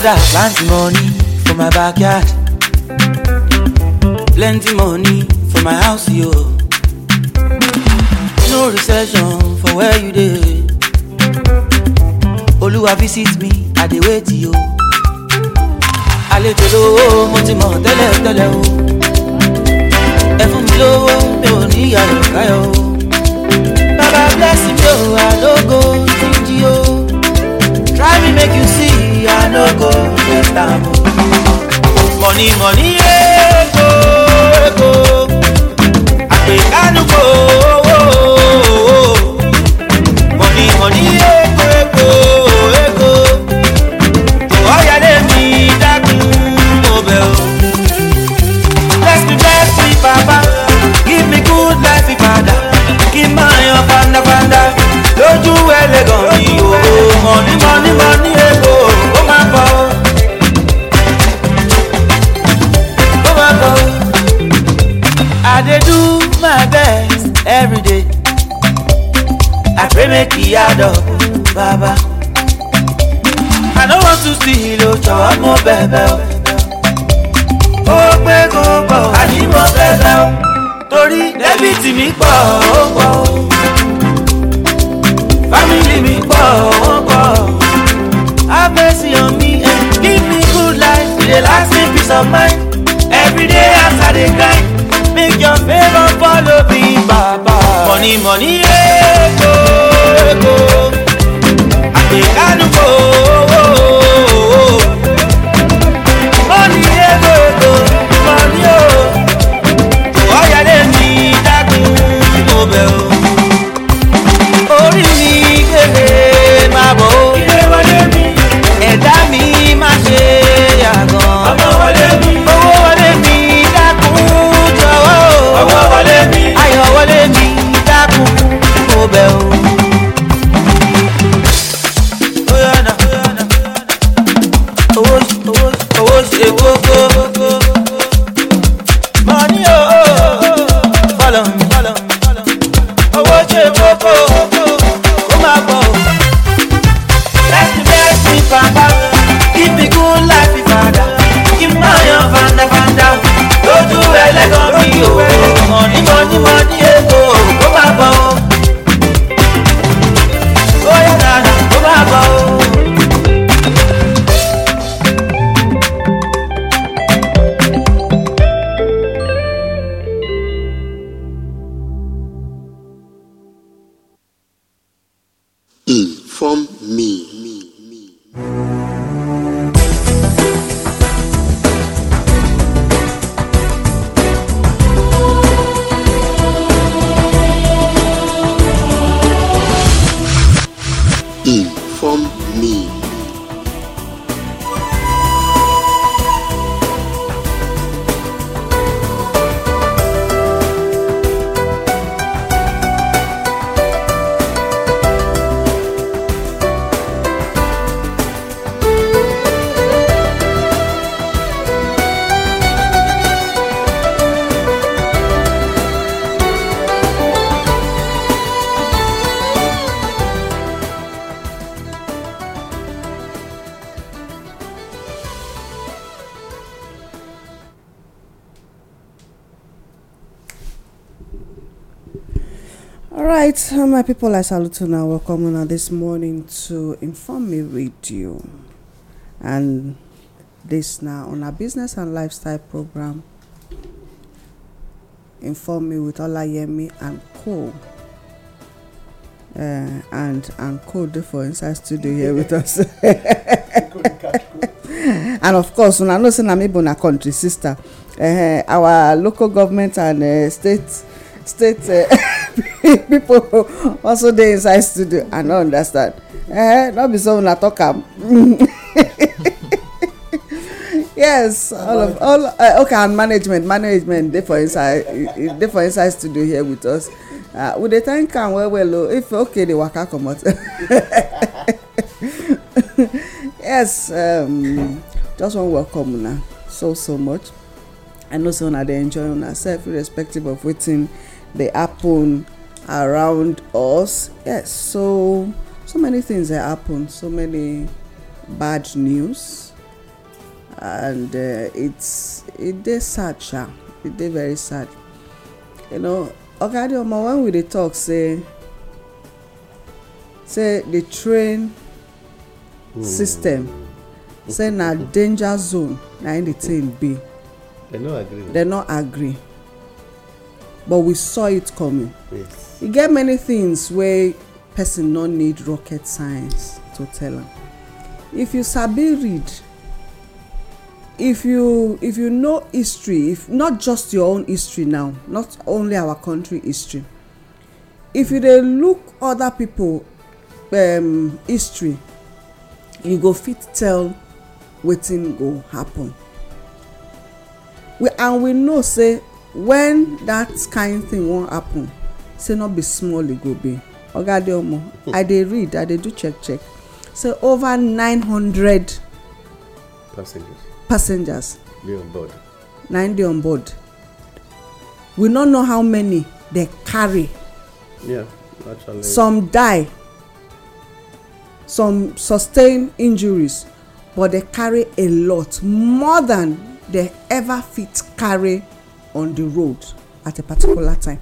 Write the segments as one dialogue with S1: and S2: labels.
S1: father plenty money for my backyard plenty money for my house yo no recession for where you dey Oluwa visit me i dey wait yo àlejò lówó mo ti mọ̀ tẹ́lẹ̀ tẹ́lẹ̀ o ẹ fún mi lówó mi ò ní ìyá ìkáyọ̀ o baba bless me o i no go stingy o try me make you see money I no go waste am. Money money ego ego àgbékánu kò owó. Oh, oh, oh. Money money ego ego. make e add up baba i don't want to see ilo jọwọ mo bẹbẹ o ó pé kó pọ àní mo bẹbẹ o torí débìtì mi pọ ó pọ o mi pọ ó pọ have mercy on me and give me good life e dey last me peace of mind every day I i dey grind make your favour follow me baba money money eh, yeah. Oh go. I can't go.
S2: right, uh, my people, I salute you now. Welcome now this morning to Inform Me Radio. And this now on our business and lifestyle program. Inform Me with Olayemi and Co. Uh, and and Co. do for inside studio here with us.
S1: and
S2: of course, una know say na me na country sister. Uh, our local government and uh, state state uh, people also dey inside studio i no understand eh no be so una talk am yes all of all uh, okay and management management dey for inside dey for inside studio here with us uh, we dey thank am well well o oh, if okay dey waka comot yes um, just wan welcome una so so much i know say una dey enjoy una self irrespective of wetin they happen around us yes so so many things that happen so many bad news and uh, it's it dey sad sha It dey very sad you know oga Omo when we dey talk say say the train mm. system say na danger zone na im the thing be
S3: they no agree they
S2: no agree but we saw it coming yes e get many things where person no need rocket science to tell am if you sabi read if you if you know history if not just your own history now not only our country history if you dey look other people um, history you go fit tell wetin go happen we and we know say when that kind thing wan happen say no be small e go be oga adeomo oh. i dey read i dey do check check say over nine hundred passengers passengers dey on board nine dey on board we no know how many dey carry
S3: yeah, actually. some
S2: die some sustain injuries but dey carry a lot more than dey ever fit carry on the road at a particular time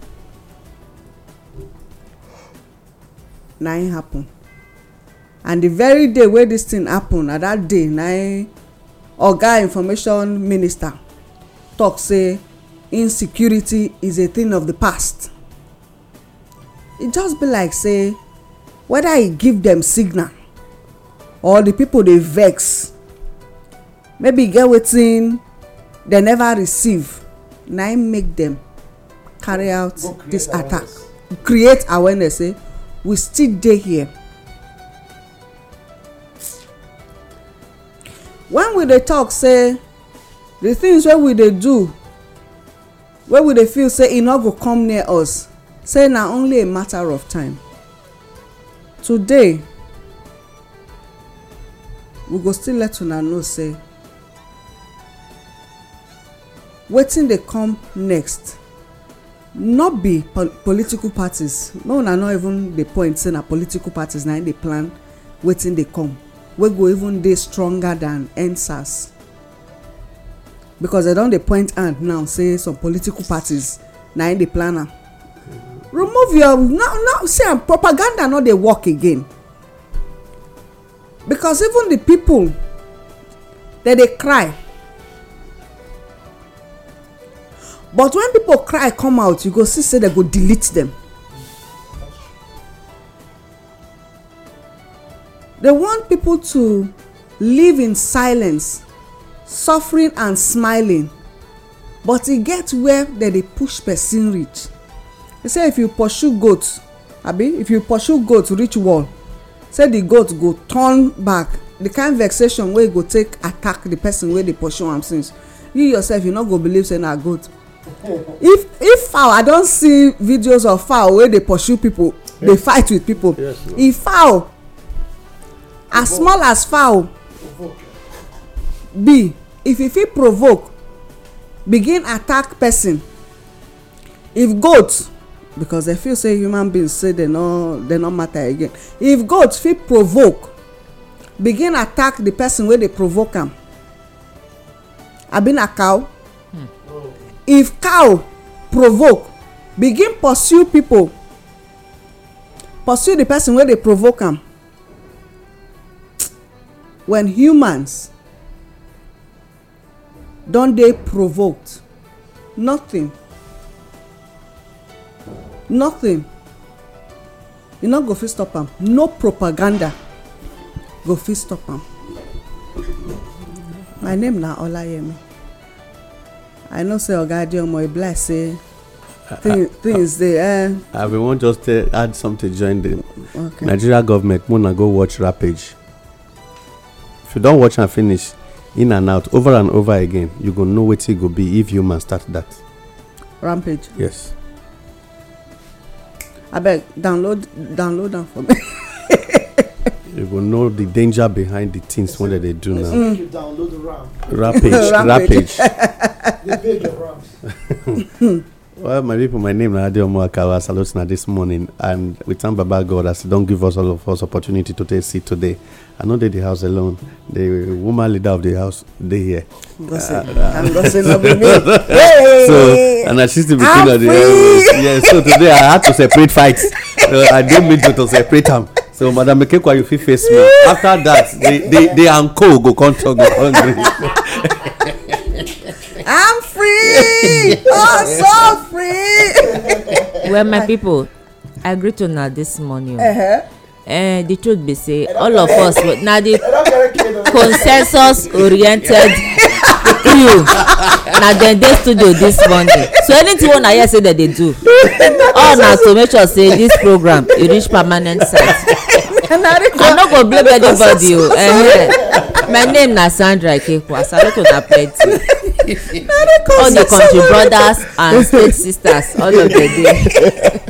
S2: na it happen and the very day wey this thing happen na that day na im oga information minister talk say insecurity is a thing of the past e just be like say whether e give dem signal or the people dey vex maybe e get wetin dem never receive na im make dem carry out dis attack create awareness say eh? we still dey here when we dey talk say the things wey we dey do wey we dey feel say e no go come near us say na only a matter of time today we go still let una know say wetin dey come next not be pol political parties no na no even dey point say na political parties na im dey plan wetin dey come wey go even dey stronger than endsars because dem don dey point hand now say some political parties na im dey plan am remove your no no see am propaganda no dey work again because even the people dem dey cry but when people cry come out you go see say they go delete them. they want people to live in silence suffering and smiling but e get where they dey push person reach they say if you pursue goat abi if you pursue goat reach wall say the goat go turn back the kind vexation wey e go take attack the person wey dey pursue am since you yourself you no go believe say na goat if if fowl i don see videos of fowl wey dey pursue people yes. dey fight with people yes, if fowl as small as fowl be if e fit provoke begin attack person if goat because dem feel say human beings say dem no dem no matter again if goat fit provoke begin attack the person wey dey provoke am abi na cow if cow provoke begin pursue people pursue the person wey dey provoke am when humans don dey provoked nothing nothing you e no go fit stop am no propaganda go fit stop am my name na olayemi i know say oga adeomo e bless say eh? things dey eh
S3: i bin wan just add something join the nigeria government mona go watch rapage if you don watch am finish in and out over and over again you go know wetin go be if human start that. rampage yes
S2: abeg download download am for me
S3: they go know the danger behind the things when they do now. Mm.
S4: You download Rampage, rampage.
S3: Well, my people, my name is Adeomo Akawa Salotina this morning, and we thank Baba God as don't give us all of us opportunity to take seat today. I know they the house alone. The woman leader of the house, they here. Gossip. Uh, uh, I'm no of me. Hey! So, and she's the beginning of the. Uh, yeah, so today I had to separate fights. Uh, I didn't mean to, to separate them so madam mekekwa you fit face me after that the anko go come talk go hungry.
S1: i'm free oh so free.
S5: well my people i greet una this morning. Uh -huh uh, the truth be say all of us na the consensus oriented crew na dem dey studio this monday so anything wey una hear say dem dey do all na to make sure say this program e reach permanent site canary corn. i no go blame anybody o uh, my name na sandra ikekwa saluto na plenty
S1: all the country
S5: brothers and state sisters
S1: all
S4: of them dey.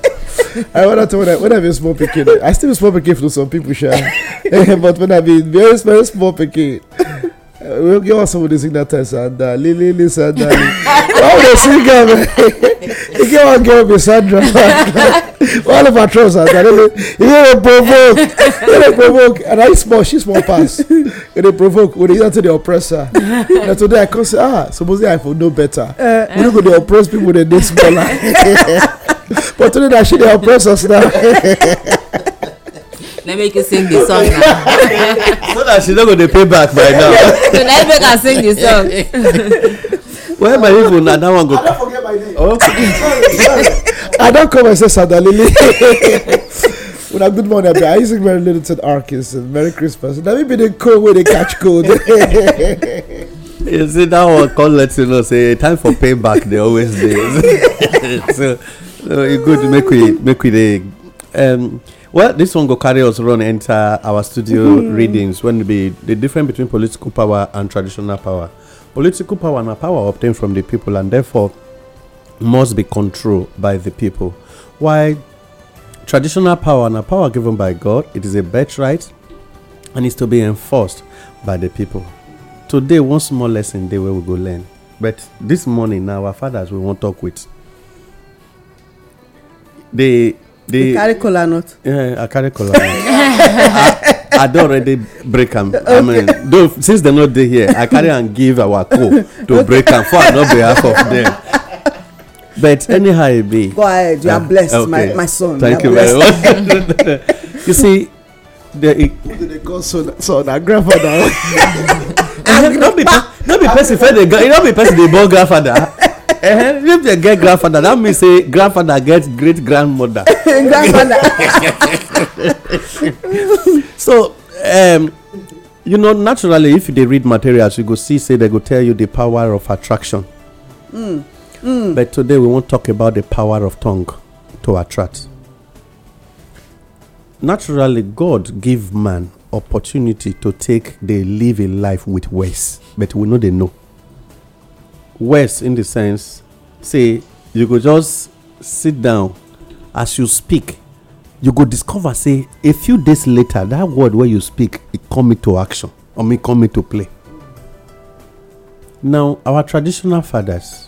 S4: I wanna tell when I when I be small pikin I still be small pikin to some people sha but when I be very very small pikin we'll get one somebody sing that time sandali lili sandali why would they sing am e get one girl be sandra all of our trousers and then they dey provoke they dey provoke and i small she small pass they dey provoke we dey use am take dey oppress her na today i come say ah supposedly i for know better we no go dey oppress people dey dey smaller but today na she dey oppress us now.
S5: let me you sing the song now.
S3: so that she not go to pay back by now.
S5: so let make her sing the
S3: song.
S4: well my people na that one go. i don't forget
S3: my name. okay. sorry sorry.
S4: I don't come and say Sadalili. Well, good morning, I'll be Isaac Mary Littleton Arkinson. Merry Christmas. Let me be the code way they catch cold. you
S3: see, that one call lets you know, say, time for payback, they always do. so, so it's e good to make we, make we the. Um, well, this one go carry us run enter our studio mm. readings when be the difference between political power and traditional power. Political power and power obtained from the people, and therefore, must be controlled by the people. Why traditional power and a power given by God, it is a birthright and is to be enforced by the people. Today, one small lesson day where we go learn. But this morning now, our fathers we won't talk with. They they carry not Yeah, a carry cola I, I don't already break them. Okay. I mean, though, since they're not there here, I carry and give our co to break them for not behalf of them but anyhow it be. Go ahead. You are ah, blessed, okay. my, my son. Thank you, you very much.
S4: you see, the, Who they call son? Son, and grandfather. not be not
S3: be person for the not be person dey born grandfather. Uh-huh. If they get grandfather, that means say grandfather gets great grandmother. grandfather. so um, you know naturally if you dey read materials you go see say they go tell you the power of attraction.
S1: Mm. Mm.
S3: But today we won't talk about the power of tongue to attract. Naturally, God give man opportunity to take they live a life with words, but we know they know. Words in the sense, say you could just sit down as you speak, you could discover say a few days later that word where you speak it come into action or me come into play. Now our traditional fathers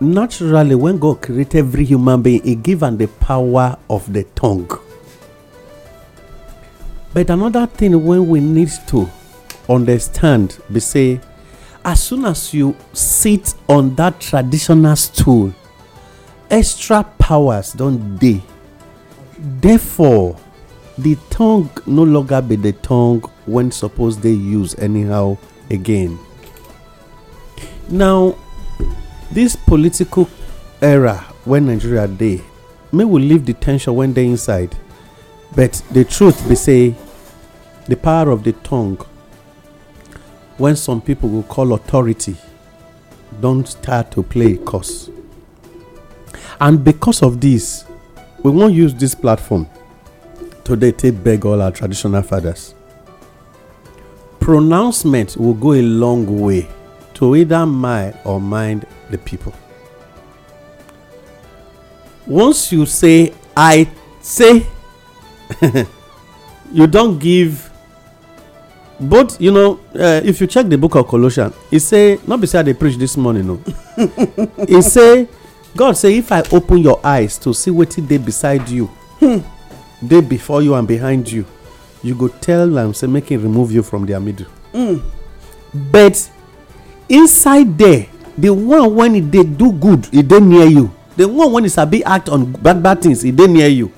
S3: naturally when god created every human being he given the power of the tongue but another thing when we need to understand be say as soon as you sit on that traditional stool extra powers don dey therefore the tongue no longer be the tongue when suppose dey use anyhow again now this political era when nigeria dey may we leave detention tension they dey inside but the truth be say the power of the tongue when some people go call authority don start to play cause. and because of this, we wan use this platform today take beg all our traditional fathers pronouncement will go a long way to either my or mind the people. Once you say, I say, you don't give But you know uh, if you check the book of colossians he say not beside the preach this morning no. He say god say if i open your eyes to see wetin dey beside you hmm. before you and behind you you go tell them, say make him remove you from their middle mm. but inside there the one when e dey do good e dey near you the one when e sabi act on bad bad things e dey near you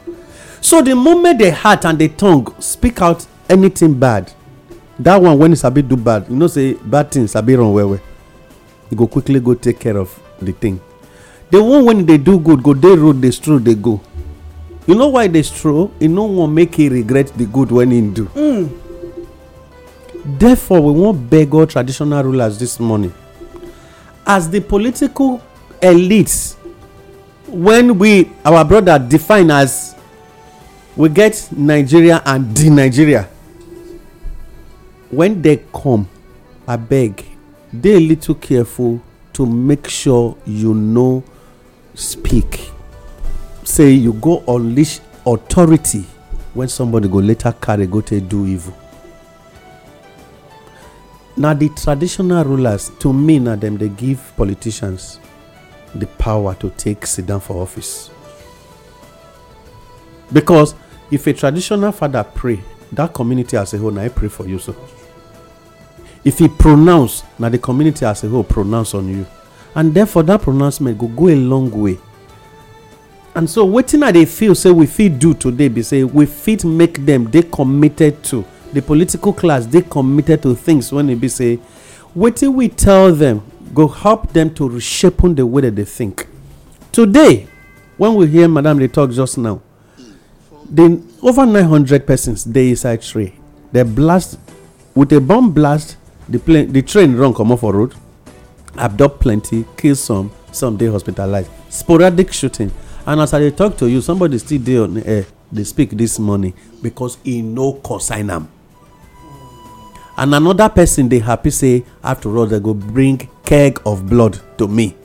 S3: so the moment the heart and the tongue speak out anything bad that one when e sabi do bad you know say bad thing sabi run well well e go quickly go take care of the thing the one when e dey do good go dey road dey stroll dey go you know why e dey stroll e no wan make e regret the good when e do hmm. therefore we wan beg all traditional rulers this morning as the political elites when we our brother define as we get nigeria and the nigeria when they come abeg dey little careful to make sure you no speak say you go unleash authority when somebody go later carry go take do evil na the traditional rulers to me na dem dey give politicians the power to take sit down for office because if a traditional father pray that community as a whole na e pray for you so if he pronounce na the community as a whole pronounce on you and therefore that pronouncement go go a long way and so wetin i dey feel say we fit do today be say we fit make them dey committed to the political class dey committed to things when e be say wetin we tell them, go help them to reshape the way dem dey think today when we hear madam dey talk just now the over 900 persons dey inside train dem blast with a bomb blast the plane the train run comot for road abduct plenty kill some some dey hospitalized sporadic shooting and as i dey talk to you somebody still dey on air eh, dey speak this morning because e no consign am and another person dey happy say after all they go bring keg of blood to me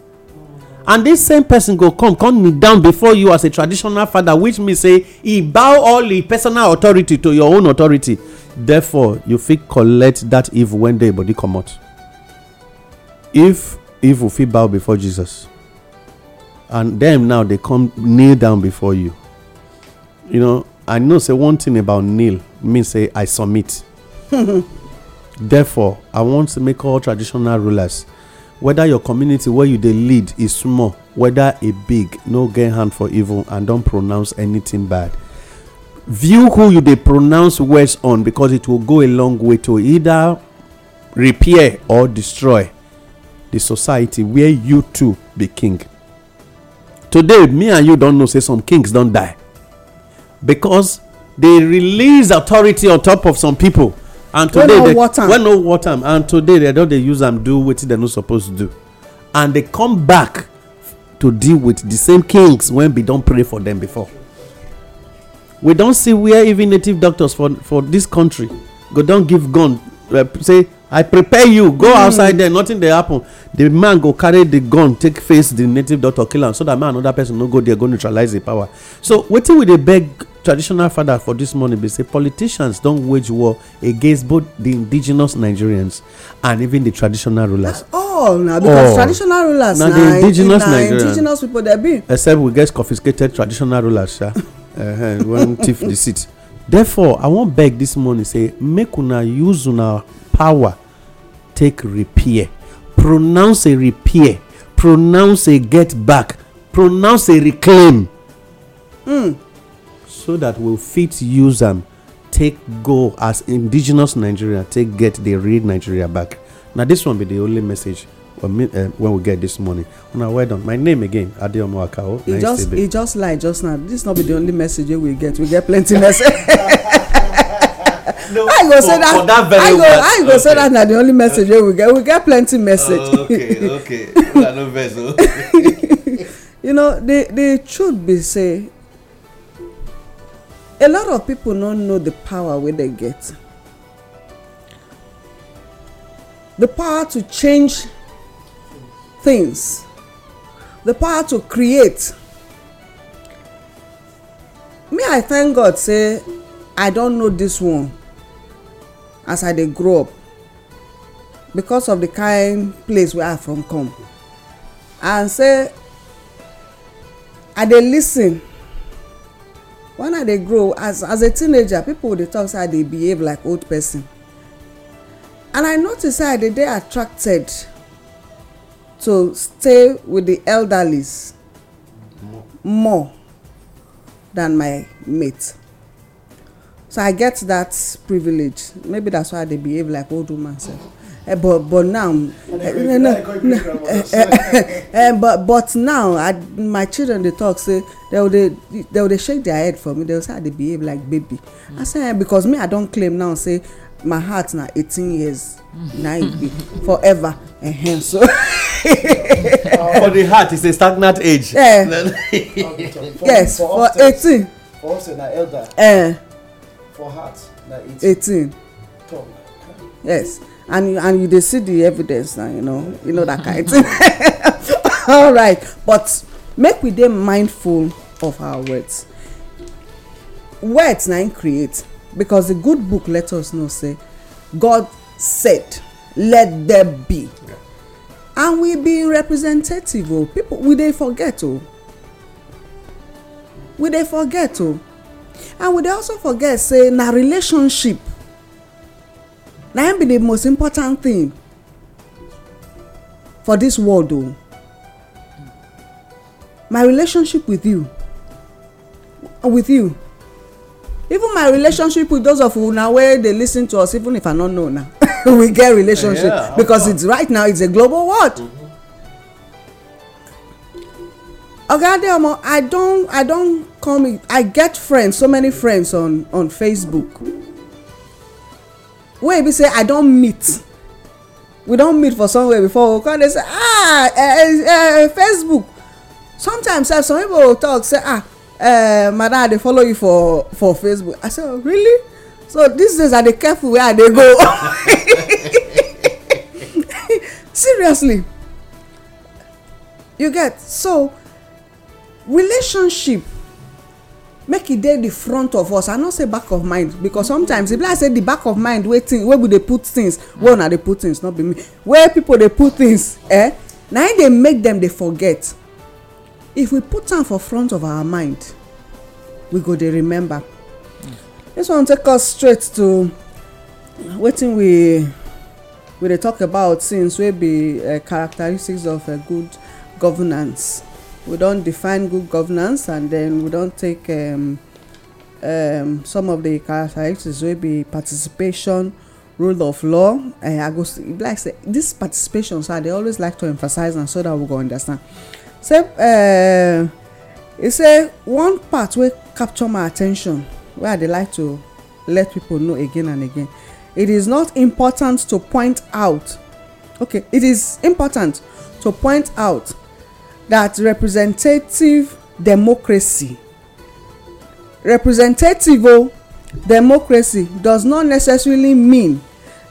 S3: and this same person go come come kneel down before you as a traditional father which mean say he bow all the personal authority to your own authority therefore you fit collect that evil when dey body comot if evil fit bow before jesus and dem now dey come kneel down before you you know i know say one thing about kneel mean say i submit Therefore, I want to make all traditional rulers, whether your community where you dey lead is small, whether e big, no get hand for evil and don pronounce anything bad. View who you dey pronounce words on because it will go a long way to either repair or destroy the society where you too be king. Today, me and you don know say some kings don die because they release authority on top of some people and today wey no wey no want am and today they don dey use am do wetin dem no suppose do and they come back to deal with the same kings wey bin don pray for them before we don see where even native doctors for for this country go don give gun eh, say i prepare you go hmm. outside there nothing dey happen the man go carry the gun take face the native doctor kill am so that man another person no go there go neutralize the power so wetin we dey beg traditional father for this morning be say politicians don wage war against both the indigenous nigerians and even the traditional rulers all na because traditional rulers na indigenous Nigerians indigenous people dem be except we get confiscated traditional rulers sha when thief the seat therefore i wan beg this morning say make una use una power, take repair. Pronounce a repair. Pronounce a get back. Pronounce a reclaim. Mm. So that we'll fit use them, take go as indigenous Nigeria, take get the real Nigeria back. Now, this one be the only message when eh, we get this morning una well done my name again adeomo akao oh, e just he
S2: just lie just now this no be the only message wey we get we get plenty message no, i go for, say that, that i go i go okay. say that na the only message wey we get we get plenty message. Uh, okay
S3: okay una no oh.
S2: you know the the truth be say a lot of people no know the power wey they get the power to change things the power to create me i thank god say i don know this one as i dey grow up because of the kind place wey i from come and say i dey lis ten when i dey grow as as a teenager people dey talk say i dey behave like old person and i notice say i dey dey attracted to stay with the elderlies more than my mate so i get that privilege maybe that's why i dey behave like old woman sef uh, but but now uh, no, no, no, uh, but but now I, my children dey talk say they go dey they go dey shake their head for me they say i dey behave like baby mm. i say eh because me i don claim now say my heart na eighteen years na e be forever uh
S3: -huh, so. for the heart is a stagnant age. Uh, yes for
S4: eighteen. for us na elder. Eh for heart na eighteen.
S2: talk yes and you and you dey see the evidence now you know you know that kind thing all right but make we dey mindful of our words words na im create because the good book let us know say god said let there be yeah. and we be representative o oh. people we dey forget o oh. we dey forget o oh and we dey also forget say na relationship na im be the most important thing for this world o my relationship with you with you even my relationship with those of una wey dey lis ten to us even if i no know na we get relationship yeah, because it's right now it's a global world. Mm -hmm. oga adeomo i don i don come i get friends so many friends on on facebook wey e be say i don meet we don meet for somewhere before we come dey say ah eh, eh, eh facebook sometimes sef eh, some people talk say ah eh, madam i dey follow you for for facebook i say oh, really so these days i dey careful where i dey go seriously you get so relationship make e dey the front of us i no say back of mind because sometimes e be like say the back of mind wey thing wey we dey put things mm. wey una dey put things no be me wey people dey put things eh na e dey make them dey forget if we put am for front of our mind we go dey remember mm. this one take us straight to wetin we we dey talk about since wey be uh, characteristics of uh, good governance we don define good governance and then we don take um, um, some of the characteristics wey be participation rule of law and eh, i go like say this participation so i dey always like to emphasize am so that we go understand say uh, say one part wey capture my at ten tion wey i dey like to let people know again and again it is not important to point out okay it is important to point out that representative democracy representative o oh, democracy does not necessarily mean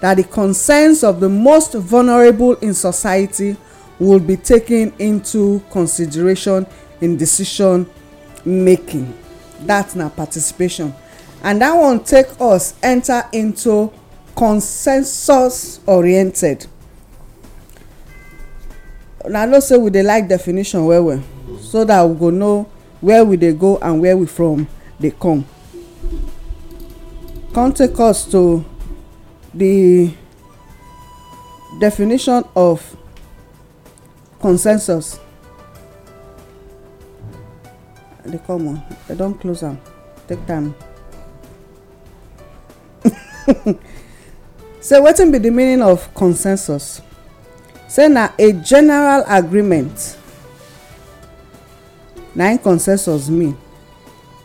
S2: that the concerns of the most vulnerable in society will be taken into consideration in decision making that na participation and that one take us enter into consensus oriented na know say we dey like definition well well so that we go know where we dey go and where we from dey come come take us to the definition of consensus The common. come i don close am take time so wetin be the meaning of consensus say na a general agreement na im consensus mean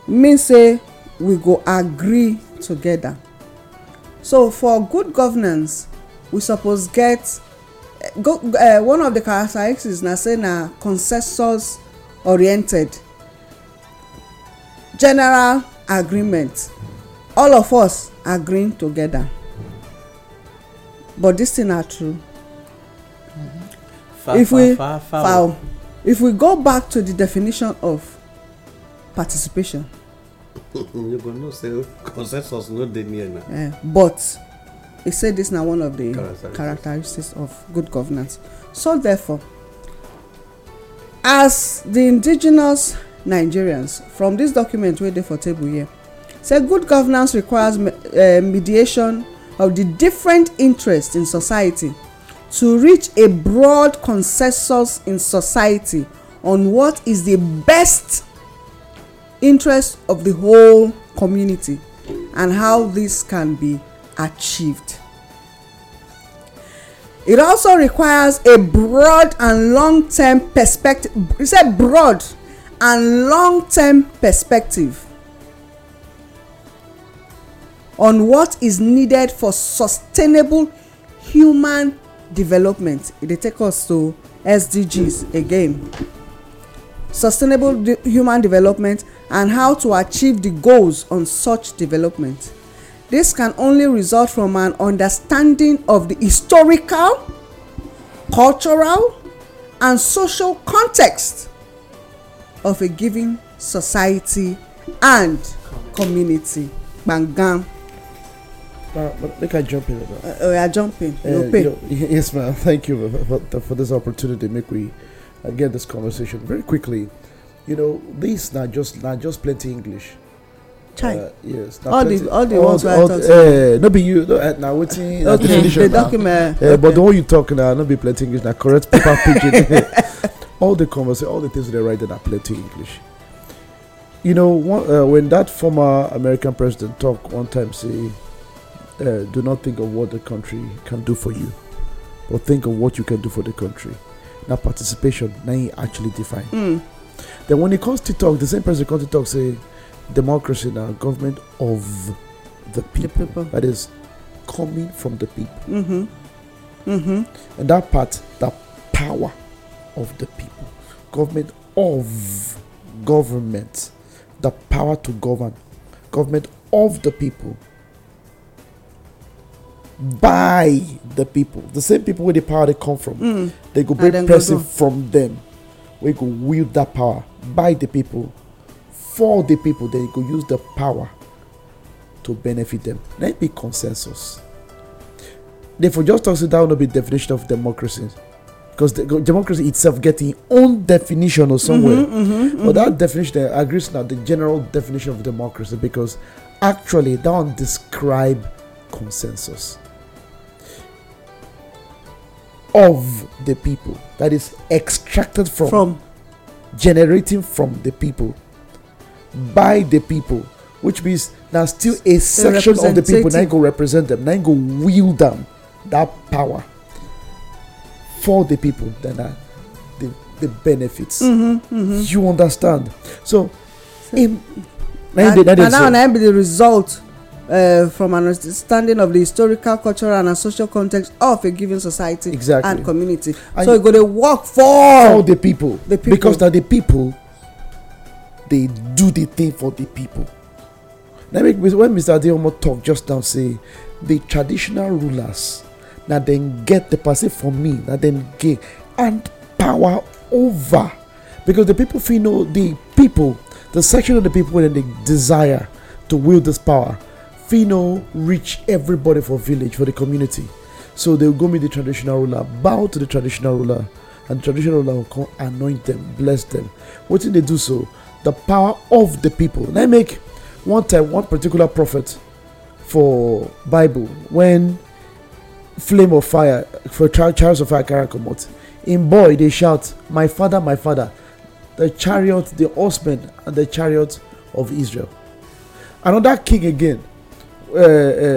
S2: mean say we go agree together so for good governance we suppose get go uh, one of the characteristics na say na consensus oriented general agreement all of us agreeing together but this thing na true
S3: if we foul
S2: if we go back to the definition of participation.
S3: you go know say consensus no dey near na. Eh,
S2: but he say this na one
S3: of the characteristics.
S2: characteristics of good governance so therefore as the indigenous nigerians from this document wey dey for table here say good governance requires uh, mediation of the different interests in society to reach a broad consensus in society on what is the best interest of the whole community and how this can be achieved. It also requires a broad and long term perspective. He said, broad and long term perspective on what is needed for sustainable human development e dey take us to sdgs again sustainable de human development and how to achieve the goals on such development this can only result from an understanding of the historical cultural and social context of a given society and community gbangam Oh,
S4: I jump in. jumping.
S2: Uh, oh, uh you know,
S4: yes, ma'am. Thank you for, for this opportunity. Make we uh, get this conversation very quickly. You know, this not just not just plenty English. Chai. Uh, yes. all the all the all ones talk. all uh, eh, no be you. No, uh, now waiting. Okay. The document. Uh, eh, okay. But the one you talk now, not be plenty English. Now correct paper pigeon. all the conversation, all the things they write, are plenty English. You know, one, uh, when that former American president talk one time, say uh, do not think of what the country can do for you, but think of what you can do for the country. Now participation, now actually define. Mm. Then when it comes to talk, the same person comes to talk say, democracy now, government of the people. The people. That is coming from the people.
S1: Mm-hmm. Mm-hmm.
S4: And that part, the power of the people, government of government, the power to govern, government of the people by the people. The same people where the power they come from. Mm. They go bring person go from them. We go wield that power by the people, for the people. Then you go use the power to benefit them. Let be consensus. Therefore, just talk so that will not be definition of democracy. Because the, democracy itself gets its own definition or somewhere. Mm-hmm,
S1: mm-hmm, mm-hmm. but mm-hmm. that
S4: definition agrees now the general definition of democracy because actually that one describe consensus of the people, that is extracted from, from. generating from the people, by the people, which means there's still a section of the people, now go represent them, now go wield them, that power for the people Then are the, the benefits. Mm-hmm, mm-hmm. You understand? So, so in, and, and, and now so.
S2: be the result uh, from an understanding of the historical, cultural, and social context of a given society exactly. and community. And so you go to
S4: work for all the people, the people. because that the people they do the thing for the people. Now, when Mr. Diomo talk just now, say the traditional rulers now then get the passive for me, now then get and power over because the people feel you know the people, the section of the people that they desire to wield this power Fino reach everybody for village, for the community. So they'll go meet the traditional ruler, bow to the traditional ruler, and traditional ruler will come anoint them, bless them. What did they do so? The power of the people. Let me make one time one particular prophet for Bible when flame of fire for chariots of fire carry come In boy they shout, My father, my father, the chariot, the horsemen, and the chariot of Israel. Another king again uh,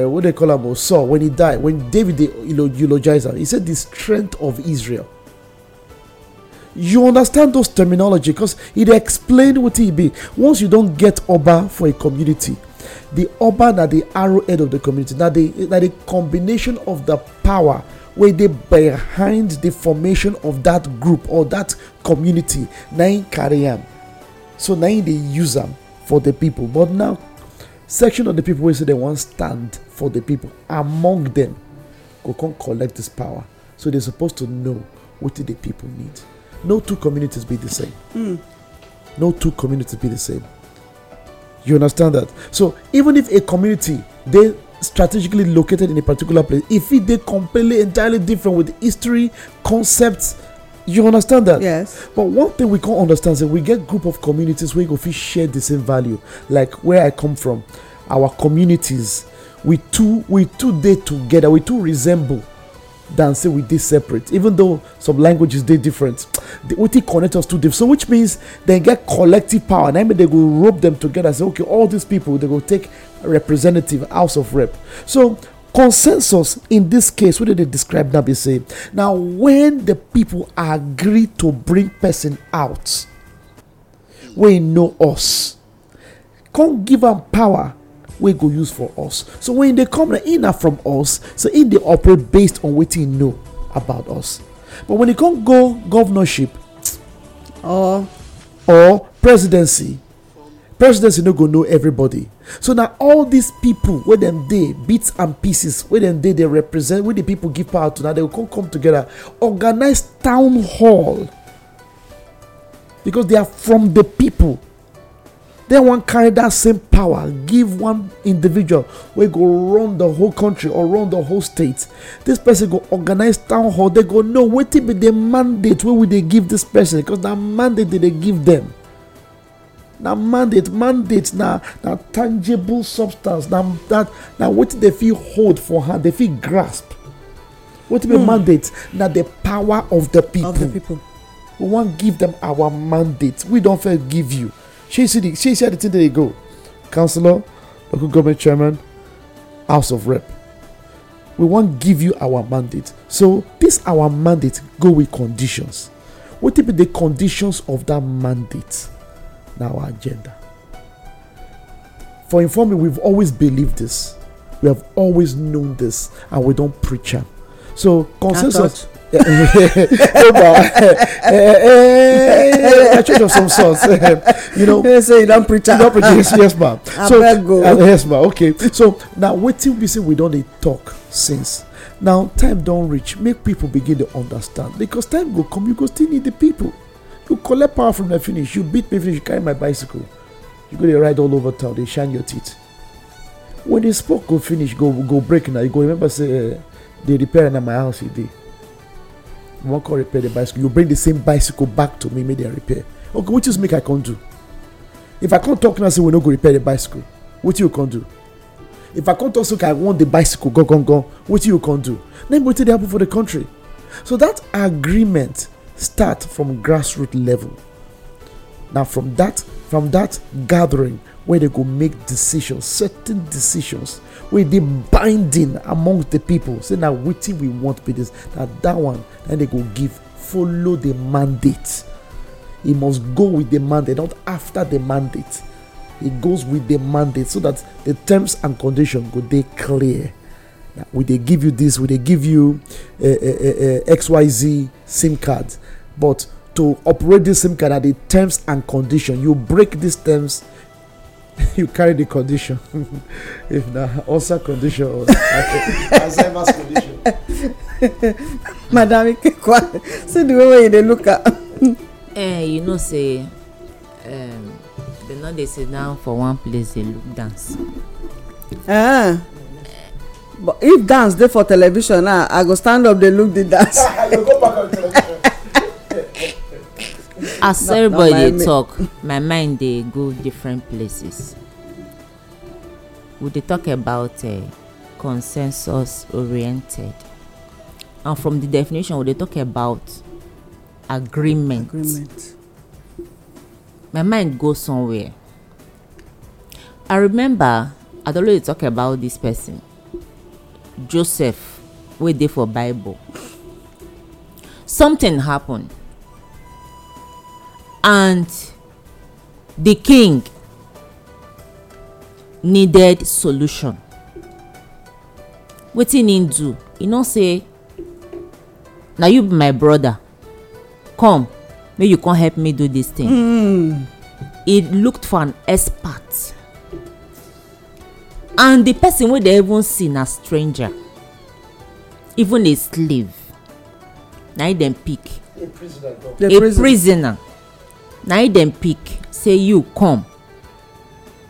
S4: uh, what they call him, Saul, when he died, when David eulogized him, he said, The strength of Israel. You understand those terminology because it explained what he be. Once you don't get Oba for a community, the Oba na the arrowhead of the community, na the, that the combination of the power where they behind the formation of that group or that community nine im carry so na they use them for the people but now section of the people wey say dem wan stand for the people among dem go come collect dis power so they're suppose to know wetin the people need no two communities be the same mm. no two communities be the same you understand that so even if a community dey strategically located in a particular place e fit dey completely entirely different with history concepts you understand that? Yes. But one thing we can't understand is that we get group of communities where we go share the same value. Like where I come from, our communities, we two we two day together, we two resemble than say we did separate, even though some languages they different. The OT connect us to them. So which means they get collective power. And I mean they will rope them together and say, okay, all these people they will take representative house of rep. So Consensus in this case, what did they describe They say? Now, when the people agree to bring person out, we know us. Come give them power we go use for us. So when they come in inner from us, so in they operate based on what they know about us. But when they come go governorship or or presidency, presidency no go know everybody so na all these people, wey dem dey bits and pieces wey dem dey dey represent wey the people give power to na dem go come come together organize town hall because they are from the people dem wan carry that same power give one individual wey go run the whole country or run the whole state This person go organize town hall They go know wetin be The mandate wey we dey give this person because na mandate dey give them? na mandate mandate na na tangible substance na that na wetin dem fit hold for hand dem fit grasp wetin be hmm. mandate na the power of the people the people. we wan give them our mandate we don first give you She see the She see how the thing dey go councillor local government chairman house of rep we wan give you our mandate so this our mandate go with conditions wetin be the conditions of that mandate our agenda. For informing, we've always believed this. We have always known this, and we don't preach it. So consensus. Eh, eh, eh, a church of some sort, you know. say don't preach. don't preach. Yes, yes, ma'am. So uh, yes, ma'am. Okay. So now waiting, we say we don't need talk since. Now time don't reach. Make people begin to understand because time will come. You go still need the people. You collect power from the finish. You beat me finish. You carry my bicycle. You go to ride all over town. They shine your teeth. When they spoke, go finish. Go go break now. You go remember say uh, they repair na my house you dey. One can repair the bicycle. You bring the same bicycle back to me. Make them repair. Okay, which is make I can do. If I can't talk now, say we no go repair the bicycle. What you can do? If I can't talk, say I want the bicycle. Go go go. What you can do? Then what did happen for the country? So that agreement start from grassroots level. Now, from that, from that gathering where they go make decisions, certain decisions, where they binding among the people, say now what we want be this, that that one, and they go give, follow the mandate. He must go with the mandate, not after the mandate. It goes with the mandate so that the terms and conditions go they clear. we they give you this we they give you uh, eh, uh, eh, uh, eh, xyz sim card but to operate this sim card at the terms and condition you break these terms you carry the condition if na ulcer condition or alzheimer's condition. madam ikekwa see
S2: the
S5: way wey you dey look am. eh you know say um, dem no dey sit down for one place dey look dance. Ah
S2: but if dance dey for television now ah, i go stand up dey look the dance
S5: as everybody dey talk my mind dey go different places we dey talk about eh, consensus oriented and from the definition we dey talk about agreement agreement my mind go somewhere i remember i don always talk about this person joseph wey dey for bible something happen and the king needed solution wetin im do He know say na you be my brother come make you come help me do this thing mm. he looked for an expert and the person wey dey even see na stranger even a slave na him dem pick
S4: a prisoner, a prison. prisoner.
S5: na him dem pick say you come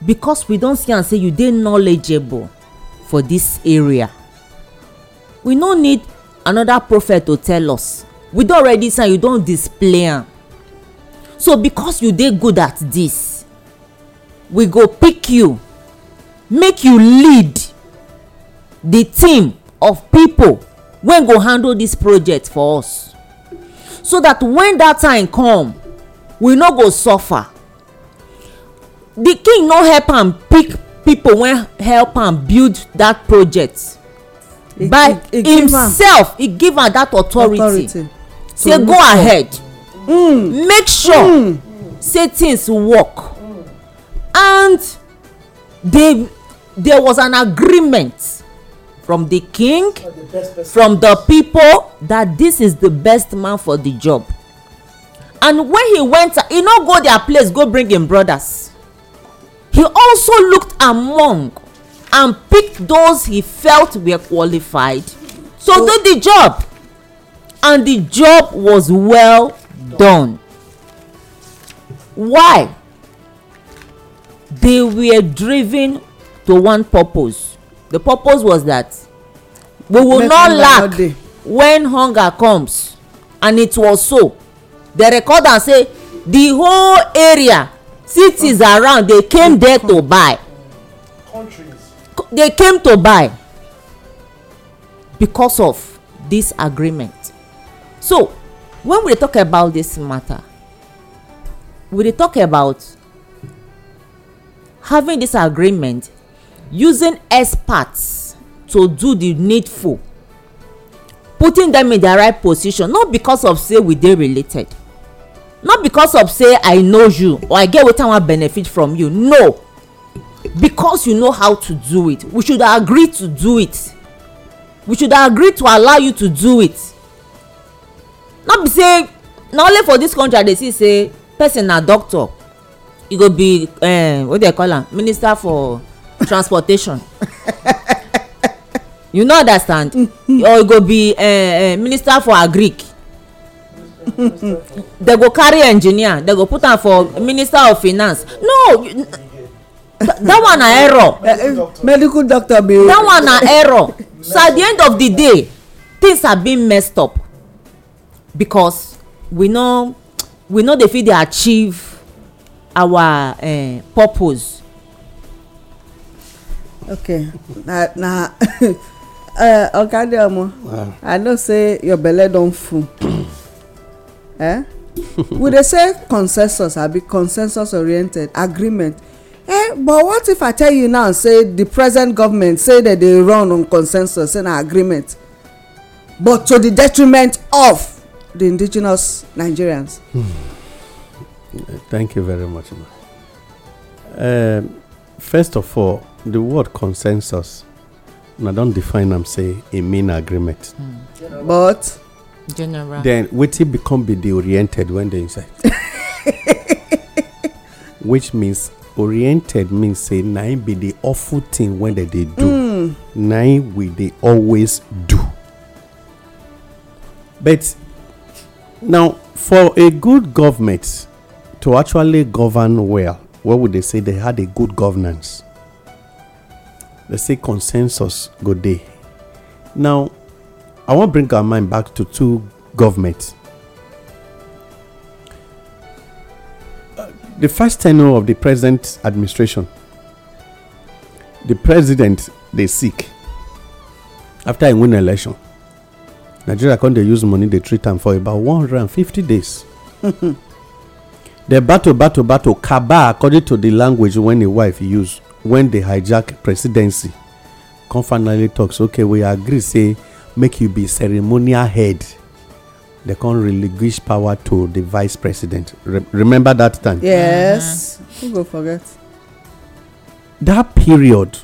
S5: because we don see am say you dey knowledgeable for this area we no need another prophet to tell us we don already see am you don display am so because you dey good at this we go pick you make you lead the team of people wey go handle this project for us so that when that time come we no go suffer The king no help am pick people wey help am build that project by himself He give am that authority
S1: say go
S5: ahead mm. make sure mm. say things work and they there was an agreement from the king
S4: the
S5: from the people that this is the best man for the job and when he went he no go their place go bring him brothers he also looked among and picked those he felt were qualified to so, do the job and the job was well done. done why they were driven to one purpose the purpose was that we will not lack when hunger comes and it was so The record am say the whole area cities okay. around they came there to buy countries they came to buy because of this agreement so when we talk about this matter we dey talk about having this agreement using experts to do the needful putting them in the right position not because of say we dey related not because of say i know you or i get wetin i wan benefit from you no because you know how to do it we should agree to do it we should agree to allow you to do it no be say na only for this country i dey see say person na doctor e go be um, what they call am minister for transportation you no understand or e go be eh, eh, minister for agric they go carry engineer they go put am for minister of finance no that one na error medical doctor be that one na error so at the end of the day things are being messed up because we no we no dey fit dey achieve our eh, purpose okay na na
S2: oga eh, ah. omo i know say your belle don full eh we dey say consensus abi consensus oriented agreement eh but what if i tell you now say the present government say dem dey run on consensus say na agreement but to the detriment of the indigenous nigerians
S3: hmm. thank you very much ma eh, first of all the word consensus na don define am say e mean agreement
S2: hmm. but general then
S3: wetin become be di oriented when dey inside which means oriented mean say na im be di awful thing wey dem dey do hmm. na im we dey always do but now for a good government to actually govern well what would they say they had a good governance let's say consensus go day. now i want to bring our mind back to two governments uh, the first tenure of the present administration the president they seek after im win election nigeria come dey use money dey treat am for about one hundred and fifty days The battle battle battle kaba according to the language when the wife used. When they hijack presidency come finally tok say okay we agree say make you be ceremonial head They come relinquish power to the vice president remember that time
S2: yes uh-huh. who go forget
S3: That period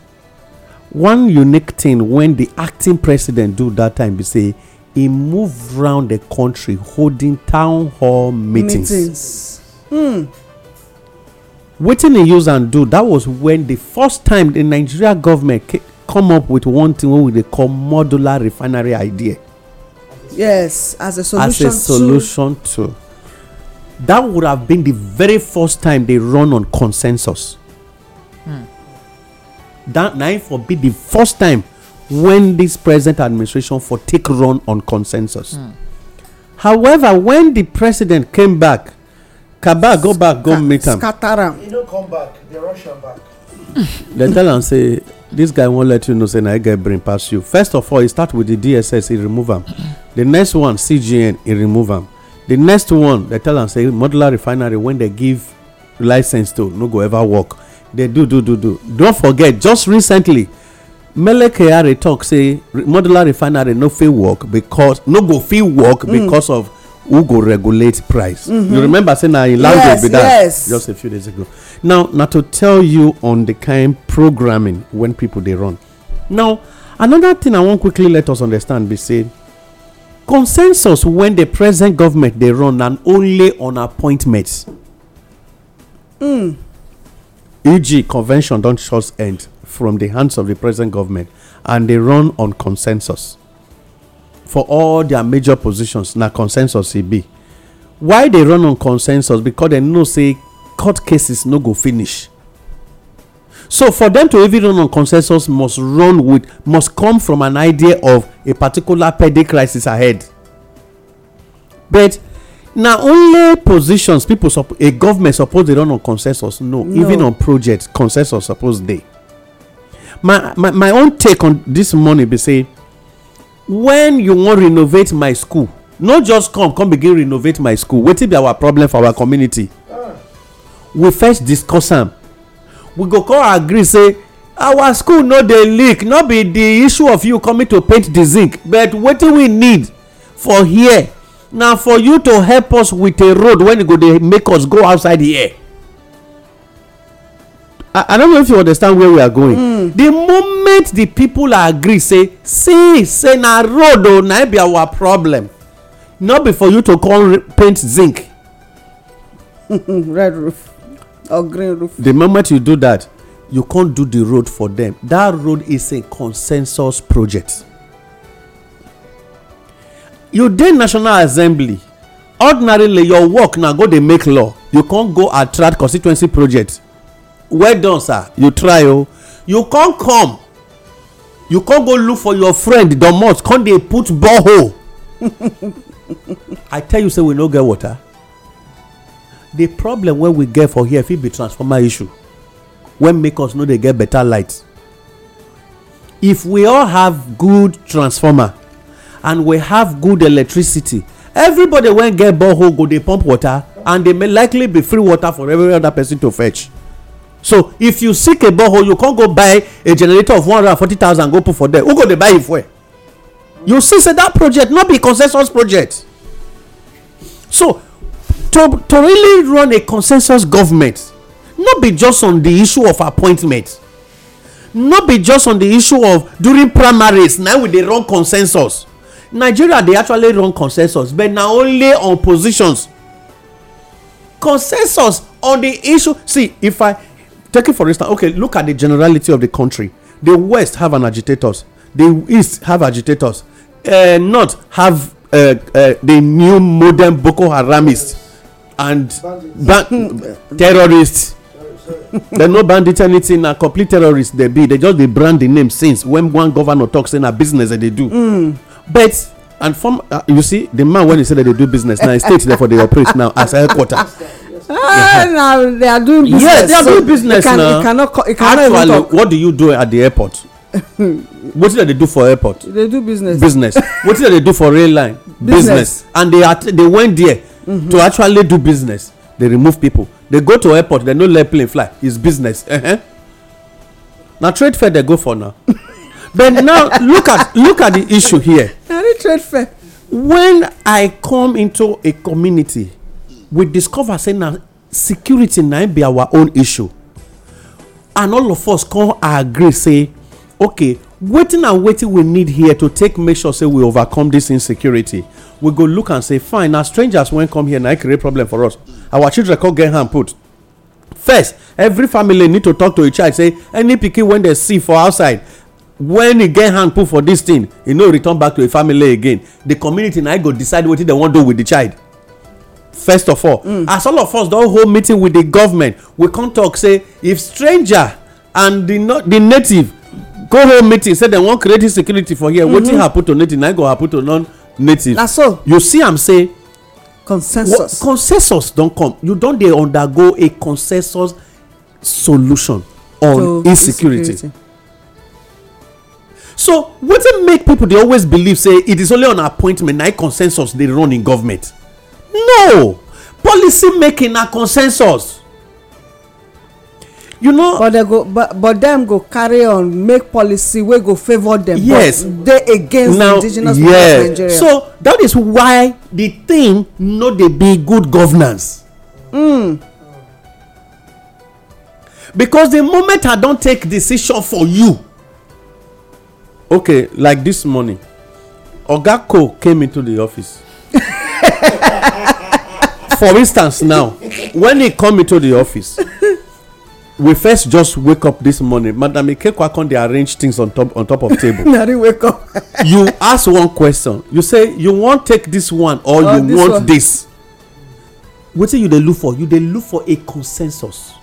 S3: one unique thing when the acting president do that time be say he move round the country holding town hall meetings meetings hmm wetin e use am do that was when the first time the nigeria government come up with one thing wey we dey call modular refinery idea
S2: yes as a solution to. as a solution
S3: to that would have been the very first time they run on consensus hmm. that na for be the first time when this present administration for take run on consensus hmm. however when the president came back Come back, go back go meet am
S4: scatter am e no come back dey rush am back
S3: hmm. They tell am say this guy won't let you know say na e get brain pass you first of all he start with the dss he remove him. The next one cgn he remove him. The next one they tell am say modular refinery When they give license to no go ever work They do do do do Don't forget just recently mele kyari talk say modular refinery no fit work because no go fit work hmm. because of who go regulate price mm-hmm. you remember say na in language be that just a few days ago now na to tell you on the kind programming when people dey run now another thing i wan quickly let us understand be say consensus when the present government dey run na only on appointments mm. eg convention don just end from the hands of the present government and dey run on consensus for all their major positions na consensus e be why they run on consensus because they know say court cases no go finish so for them to even run on consensus must run with must come from an idea of a particular petty crisis ahead but na only positions people a government suppose dey run on consensus no even on projects consensus suppose dey my my my own take on this morning be say when you wan renovate my school no just come come begin renovate my school wetin be our problem for our community we first discuss am we go come agree say our school no dey leak no be the issue of you coming to paint the zinc but wetin we need for here na for you to help us with a road wey e go dey make us go outside here I, I don't know if you understand where we are going. Mm. The moment the people agree, say, see, say na road o na e be our problem. Not before you to come paint zinc. Red roof or green roof. The moment you do that, you can't do the road for them. That road is a consensus project. You did National Assembly. Ordinarily, your work now go they make law. You can't go attract constituency projects well done sir you try oh! you con come you con go look for your friend domot con dey put borehole i tell you say we no get water the problem wey we get for here fit be transformer issue wey make us no dey get better light if we all have good transformer and we have good electricity everybody wey get borehole go dey pump water and dey likely be free water for every other person to fetch so if you seek a borehole you con go buy a generator of one hundred forty 140000 go put for there who go dey buy it for you see say that project no be consensus project so to to really run a consensus government no be just on the issue of appointment no be just on the issue of during primaries na we dey run consensus nigeria dey actually run consensus but na only on positions consensus on the issue see if i taking for instance okay look at the generality of the country the west have an agitators the east have agitators uh, north have uh, uh, the new modern boko haramists and ban mm, terrorists dem no bandit anything na complete terrorists dem be dem just dey brand the name since when one governor talk say na business dem dey do mm. but and from uh, you see the man wey dey say dem dey do business na state for dey operate now as headquarters
S2: right? Ah, now they are doing business. Yes, they are doing business can, now. It cannot, it cannot Actually,
S3: what do you do at the airport? what did they do for airport? They do
S2: business. Business.
S3: what did they do for rail line? Business. business. And they are they went there mm -hmm. to actually do business. They remove people. They go to airport. They no let plane fly. It's business. Uh -huh. Now trade fair they go for now. but now look at look at the issue here. the trade fair. When I come into a community we discover say na security na be our own issue and all of us come agree say okay wetin and wetin we need here to take make sure say we overcome this insecurity we go look and say fine na strangers wen come here na e create problem for us our children come get hand put first every family need to talk to each other say any pikin wey dem see for outside when e get hand put for dis thing e no return back to e family again the community na e go decide wetin dem wan do with the child first of all mm. as all of us don hold meeting with the government we come talk say if stranger and the the native go hold meeting say dem wan create security for here wetin mm-hmm. happen to native na go happen to non native na so you see am say consensus consensus don come you don dey undergo a consensus solution on insecurity so wetin make people dey always believe say it is only on appointment na consensus dey run in government no policy making na consensus you
S2: know but go but but dem go carry on make policy wey go favour dem yes but
S3: dey
S1: against indigenous people of nigeria so
S3: that is why the thing no dey be good governance hmm. because the moment i don take decision for you okay like this morning oga cole came into the office for instance now when he come into the office we first just wake up this morning madam ikekwa come dey arrange things on top on top of table na dey wake up you ask one question you say you wan take this one or oh, you this want one. this wetin you dey look for you dey look for a consensus.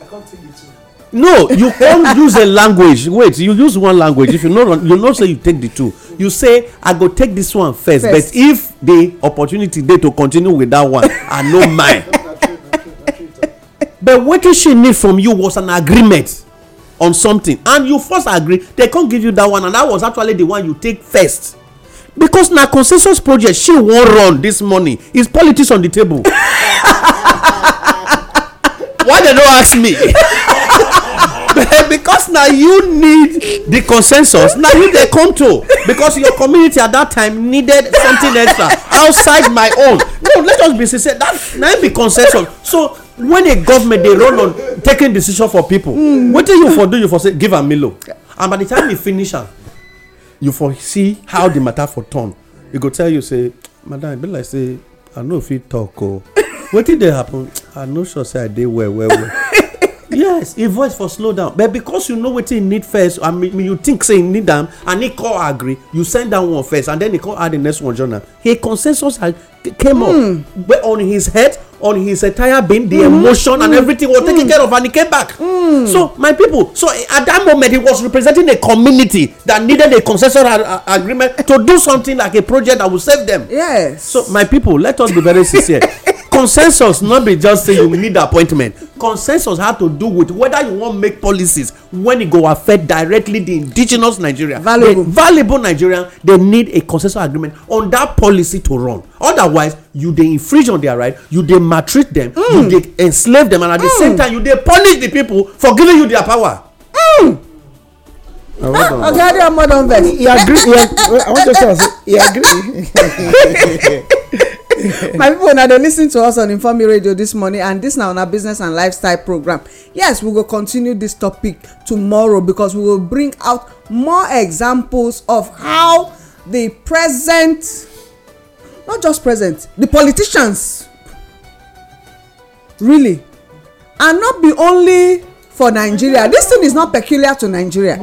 S1: i come take the two
S3: no you come use a language wait you use one language if you no you know say you take the two you say i go take this one first but if the opportunity dey to continue with that one i no mind but wetin she need from you was an agreement on something and you first agree they come give you that one and that was actually the one you take first because na consensus project she wan run this morning is politics on the table why they no ask me because na you need the consensus na you dey come to because your community at that time needed something extra outside my own no let us be sincere that na be consensus so when a government dey run on taking decision for people mm. wetin you for do you for say give am milo and by the time you finish am you for see how the matter for turn e go tell you say madam e be like say i no fit talk o oh. wetin dey happen i no sure say i dey well well well yes e voice for slow down but because you know wetin e need first i mean you think say e need am and e come agree you send that one first and then e come add the next one join am a consensus came mm. up hmm. on his head on his entire being the mm-hmm. emotion mm and hmm. everything was mm taken hmm. care of and he came back. so my people so at that moment he was representing a community that needed a concession agreement to do something like a project that would save them. yes so my people let us be very sincere. consensus no be just say you need appointment consensus had to do with whether you wan make policies when e go affect directly the indigenous nigeria valuable the valuable nigerian dey need a consensual agreement on that policy to run otherwise you dey infringe on their right you dey maltreat dem mm. you dey enslave them, and at the same mm. time you dey punish the people for giving you their power mm. ah, ah, Okay, I'm omo don vex he agree i want to tell you he agree my people, now they
S2: listen to us on informe radio this morning and this now on our business and lifestyle program yes we will continue this topic tomorrow because we will bring out more examples of how the present not just present the politicians really and not be only for nigeria This thing is not peculiar to nigeria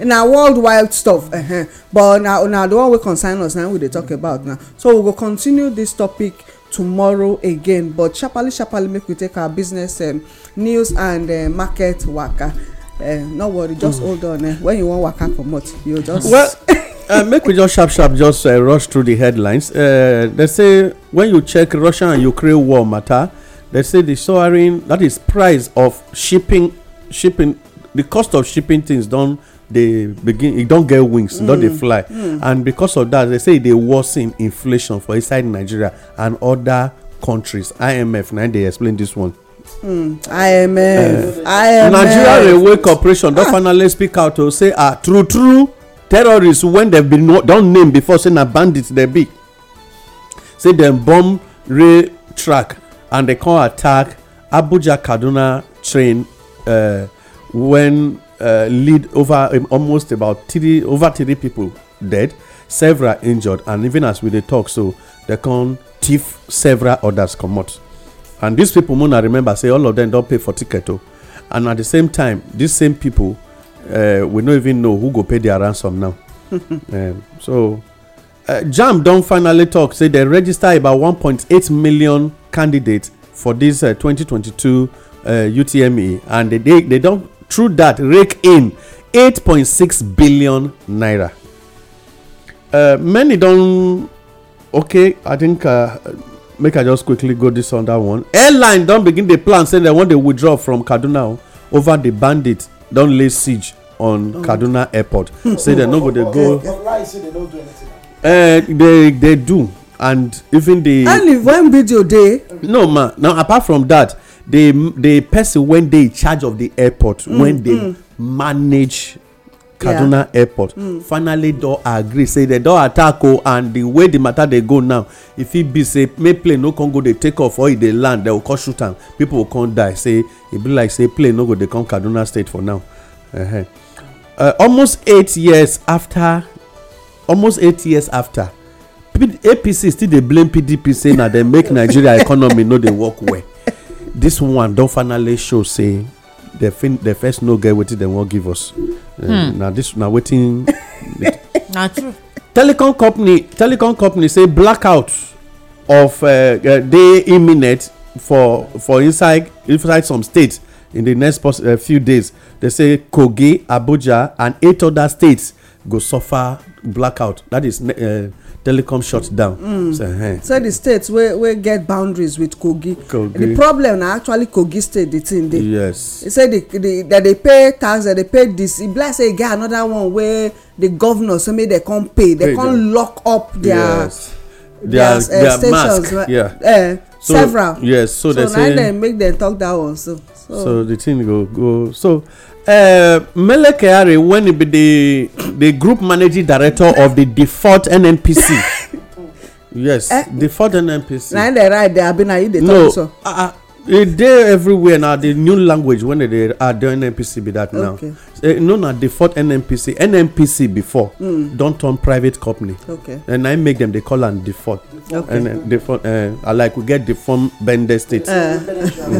S2: na wide stuff uh -huh. but na the one wey concern us na we dey talk about now so we go continue this topic tomorrow again but sharparly sharparly make we take our business um, news and uh, market waka uh, no worry just mm. hold on uh, when you wan waka comot you just. well
S3: uh, make we just sharp sharp just uh, rush through the headlines uh, they say when you check russia and ukraine war matter they say the soaring that is price of shipping shipping the cost of shipping things don dey begin e don get wings mm. don dey mm, fly mm. and because of that they say e dey worsen inflation for inside nigeria and other countries imf na dey explain this one
S2: Mm, IMF, uh, eh. IMF. Nigeria
S3: Railway Corporation don ah. finally speak out to say ah true true terrorists when dem been don name before say na bandits dem be say dem bomb rail track and dem come attack abuja kaduna train uh, when uh, lead over um, almost about three over three people dead several injured and even as we dey talk so dem come thief several others comot and dis pipo muna remember say all of them don pay for ticket o oh. and at the same time these same pipo eh, we no even know who go pay their ransom now eh, so eh, jam don finally talk. say dem register about 1.8 million candidates for dis 2022 utme and they they don through that rake in 8.6 billion naira many don okay i think uh, make i just quickly go this on dat one airline don begin dey plan say dem wan dey withdraw from kaduna over di bandit. don lay siege on oh. kaduna airport say dem no go dey go eh dey do and even the only when video dey no ma now apart from that, the the person wey dey in charge of the airport mm, when dey mm. manage kaduna airport mm. finally don agree say dem don attack o oh, and the way the matter dey go now e fit be say make plane no come go dey take off or e dey land dem go come shoot am People go come die say e be like say plane no go dey come kaduna state for now uh-huh. uh, almost eight years after almost eight years after apc still dey blame pdp say na dem make nigeria economy no dey work well This one don finally show say dem first no get wetin dem wan give us Um, hmm. na this na wetin na true telecom company telecom company say blackout of uh, uh, dey imminent for for inside inside some states in the next uh, few days they say kogi abuja and eight other states go suffer blackout that is telecom shut down mm. so eh.
S2: so di states wey get boundaries with kogi kogi di problem na actually kogi state di thing dey yes e say dem dey pay tax dem dey pay this. e like say e get anoda one wey the governor. say make dem come pay dem come lock up dia uh, their stations yeah. uh, several so yes so na dem make dem talk that one so So,
S3: the thing go go. So uh, Meleke Ari, when he be the the group managing director of the default NNPC. yes, eh? default NNPC. Na
S2: they right there. Abi na you dey talk so.
S3: Uh, e dey everywhere na the new language when they add the nnpc be that now okay. uh, no na default nnpc nnpc before mm. don turn private company okay. and i make them dey call am default okay. and uh, default uh, like we get the form bender state. Uh. Mm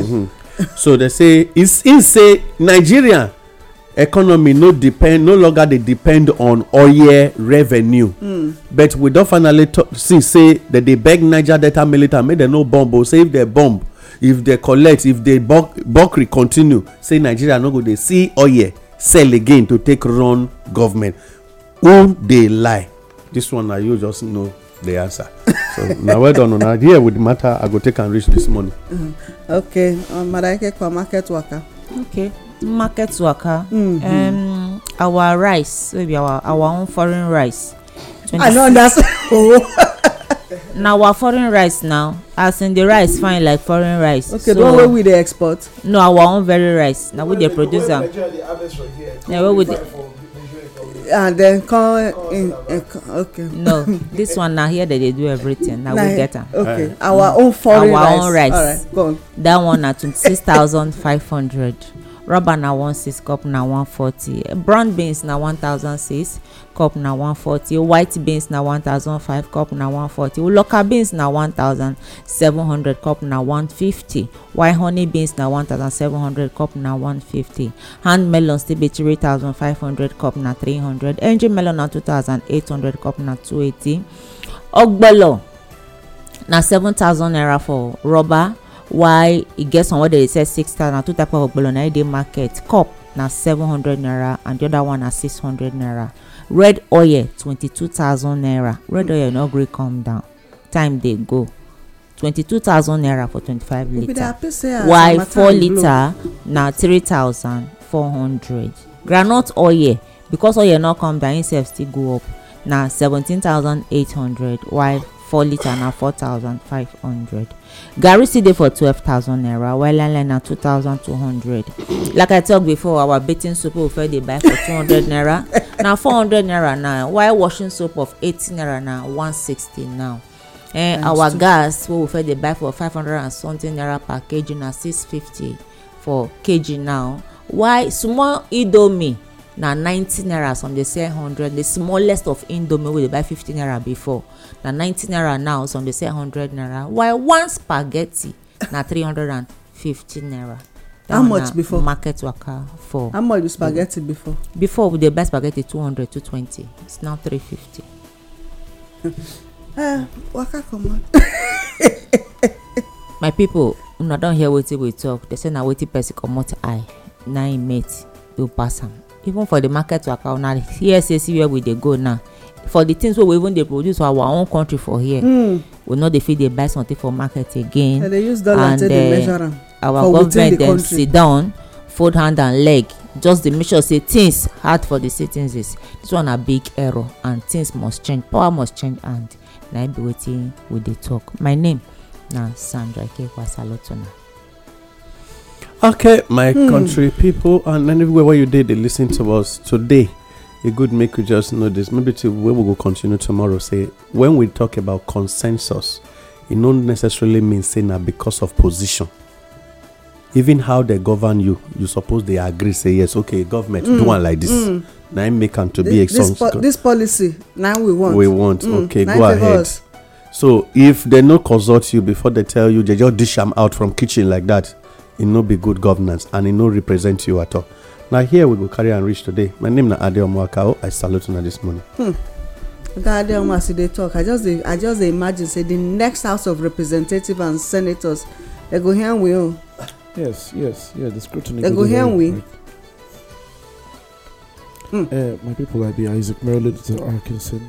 S3: -hmm so they say im say nigeria economy no depend no longer dey depend on oil revenue hmm. but we don finally see say dem dey beg niger delta military make dem no bomb o say if dem bomb if dem collect if dem bulk continue say nigeria no go dey see oil sell again to take run government who dey lie this one na you just know the answer so now well done una here with the matter i go take am reach this morning.
S2: okay um, madaike kwa market waka. okay
S5: market waka. Mm -hmm. um, our rice maybe our our own foreign rice. 26. i no understand. na our foreign rice now as in the rice fine like foreign rice. okay so, the one wey we dey export. no our own very rice na we dey produce am. na wey we dey and ah, then come in, in okay. no this one na here they dey do everything na we get am. okay our own foreign rice our own rice that one na twenty-six thousand five hundred rubber na one six cup na one forty brown beans na one thousand six cup na one forty white beans na one thousand five cup na one forty local beans na one thousand seven hundred cup na one fifty white honey beans na one thousand seven hundred cup na one fifty hand melon still be three thousand five hundred cup na three hundred engine melon na two thousand eight hundred cup na two eighty ogbolo na seven thousand naira for rubber Why e get some wey dey sell six thousand na two type of ogbono na e dey market cup na seven hundred naira and the other one na six hundred naira red oil twenty-two thousand naira red oil no gree come down time dey go twenty-two thousand naira for twenty-five litre Why four litre na three thousand four hundred groundnut oil because oil no come down himself e still go up na seventeen thousand eight hundred Why four litre na four thousand five hundred garri still dey for twelve thousand naira while landline na two thousand two hundred like i talk before our bathing soap we first dey buy for two hundred naira na four hundred naira now while washing soap of eighty naira na one sixty now eh, our gas wey we first dey buy for five hundred and something naira per kg na six fifty for kg now while small indomie na ninety naira some dey sell hundred the smallest of indomie wey dey buy fifty naira before na 90 naira now some dey say hundred naira while one spaghetti na 350 naira how much before market waka for how much be spaghetti before before we dey buy spaghetti two hundred 200 twenty. it's now three fifty.
S2: Eh, waka comot
S5: my pipo una don hear wetin we talk dey say na wetin person comot eye na im mate go pass am even for the market waka una hear say see where we dey go now for the things wey we even dey produce for our own country for here mm. we no dey fit dey buy something for market again and, and uh, our for within the country. Our government dem sit down fold hand and leg just dey make sure say things hard for the citizens this one na big error and things must change power must change And na im be wetin we dey talk my name na sandra ekekwasalotuna.
S3: okay my hmm. country people and anywhere where you dey dey lis ten to us today A good make you just know this maybe to where we will continue tomorrow say when we talk about consensus it don't necessarily mean say na because of position even how they govern you you suppose they agree say yes okay government mm. do one like this mm. na im make am to be a this, po this
S2: policy now we want we want mm. okay nine go ahead us.
S3: so if they no consult you before they tell you they just dish them out from kitchen like that It e no be good governance and it e no represent you at all Now here we go, carry and reach today. My name na Ade Akao. I salute you this morning.
S1: Hmm.
S2: God, Adeomo as they talk, I just I just imagine say the next House of Representatives and Senators they go hear we o.
S4: Yes, yes, yeah, the scrutiny. They go hear we. Right. Hmm. Uh, my people, I be Isaac Merlin to Arkinson.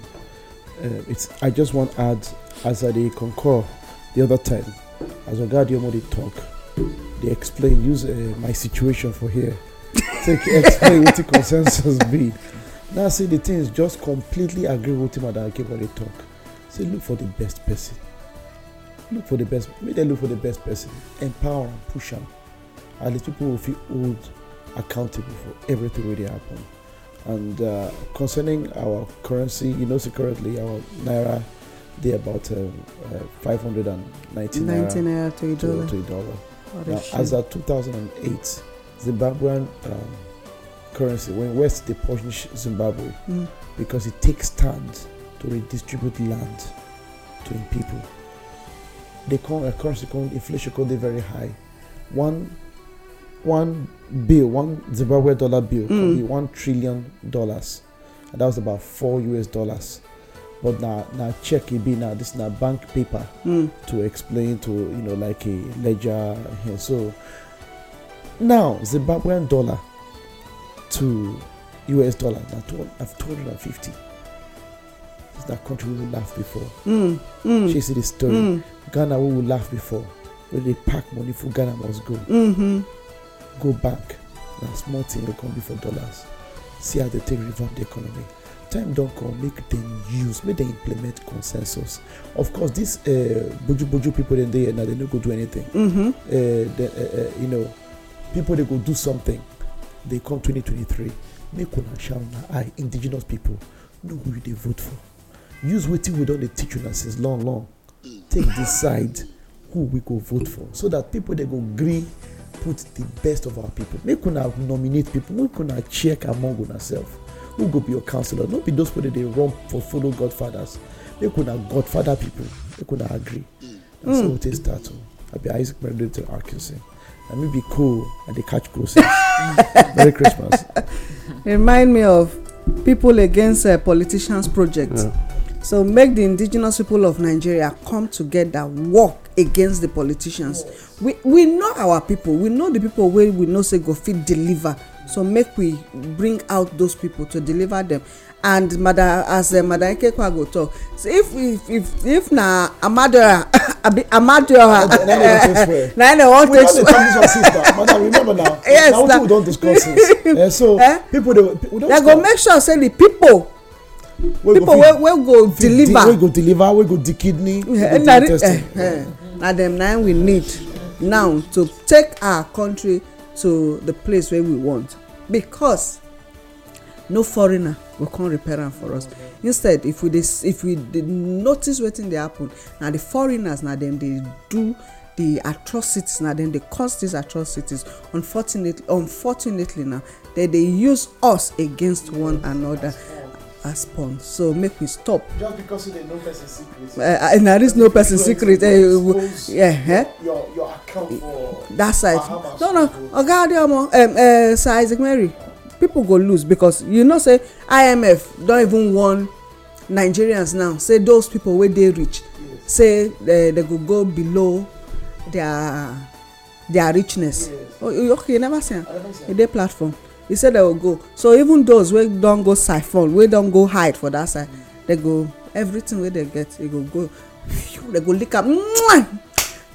S4: Uh, it's I just want to add as I they concur the other time as regard your talk, they explain use uh, my situation for here. take explain what the consensus be now see the thing is just completely agree with him I keep on the talk say look for the best person look for the best make them look for the best person empower and push them. at least people will feel old accountable for everything wey dey happen and uh, concerning our currency you know say currently our naira they about um, uh, 590 naira, naira to a dollar, to, to a dollar. now shit. as at 2008 Zimbabwean um, currency, when West they punish Zimbabwe mm. because it takes time to redistribute land to people. They call a currency called inflation called very high. One one bill, one Zimbabwe dollar bill mm. be one trillion dollars. And that was about four US dollars. But now now check it be now this now bank paper mm. to explain to you know like a ledger and so Now, Zimbabwean dollar to US dollar, that one fifty 250. That country we will laugh before. Mm, mm, she see the story. Mm. Ghana we will laugh before. When they pack money for Ghana must go. Mm-hmm. Go back. Now small thing will come before dollars. See how they take revamp the economy. Time don't come, make them use, make them implement consensus. Of course, these uh, buju buju people in there now they no go do anything. Mm-hmm. Uh, they, uh, uh, you know, people they go do something They come 2023 make una shall na I indigenous people know who you dey vote for use wetin we don dey teach una since long long take decide who we go vote for so that people dey go gree put the best of our people make una nominate people make una check among una self who go be your councillor no be those people dey dey run for follow godfathers make una godfather people make una agree na mm. so we take start o oh. i be isaac meridian Arkansas and me be cool and they catch crosses. Merry Christmas.
S2: Remind me of people against uh, politicians project. Yeah. So make the indigenous people of Nigeria come together, work against the politicians. Yes. We we know our people, we know the people where we know say go fit deliver. So make we bring out those people to deliver them and madam as uh, madam ikekwa go talk if if if if na amadora amadora na any one take swear
S4: we don dey talk this one sister madam remember now yes na
S2: wetin eh, eh? we don discuss since so people dey we don go make sure say the people people wey go
S4: deliver wey go deliver wey go di kidney wey eh, go do testing
S2: na dem na we need now to take our country to the place wey we want because no foreigner go come repair am for us instead if we dey if we dey notice wetin dey happen na the foreigners na dem dey do the atrocities na dem dey cause these atrocities unfortunately unfortunately na dem dey use us against one another as pawn so make we stop.
S4: just because you dey know person secret. Uh, uh, na this know person secret. Uh, yeah, eh? your your account for. that side
S2: no no oga adeomo um, uh, sir isaac mary. Yeah people go lose because you know say imf don even warn nigerians now say those people wey dey rich say they go go below their their richness oh okay you never see am e dey platform e say they go go so even those wey don go siphon wey don go hide for that side they go everything wey they get e go go they go lick am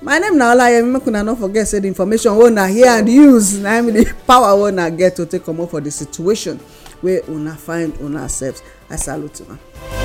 S2: my name na olaye make una no forget say di information wey una hear and use na im the power wey una get to take comot for the situation wey una find una sef i salute una.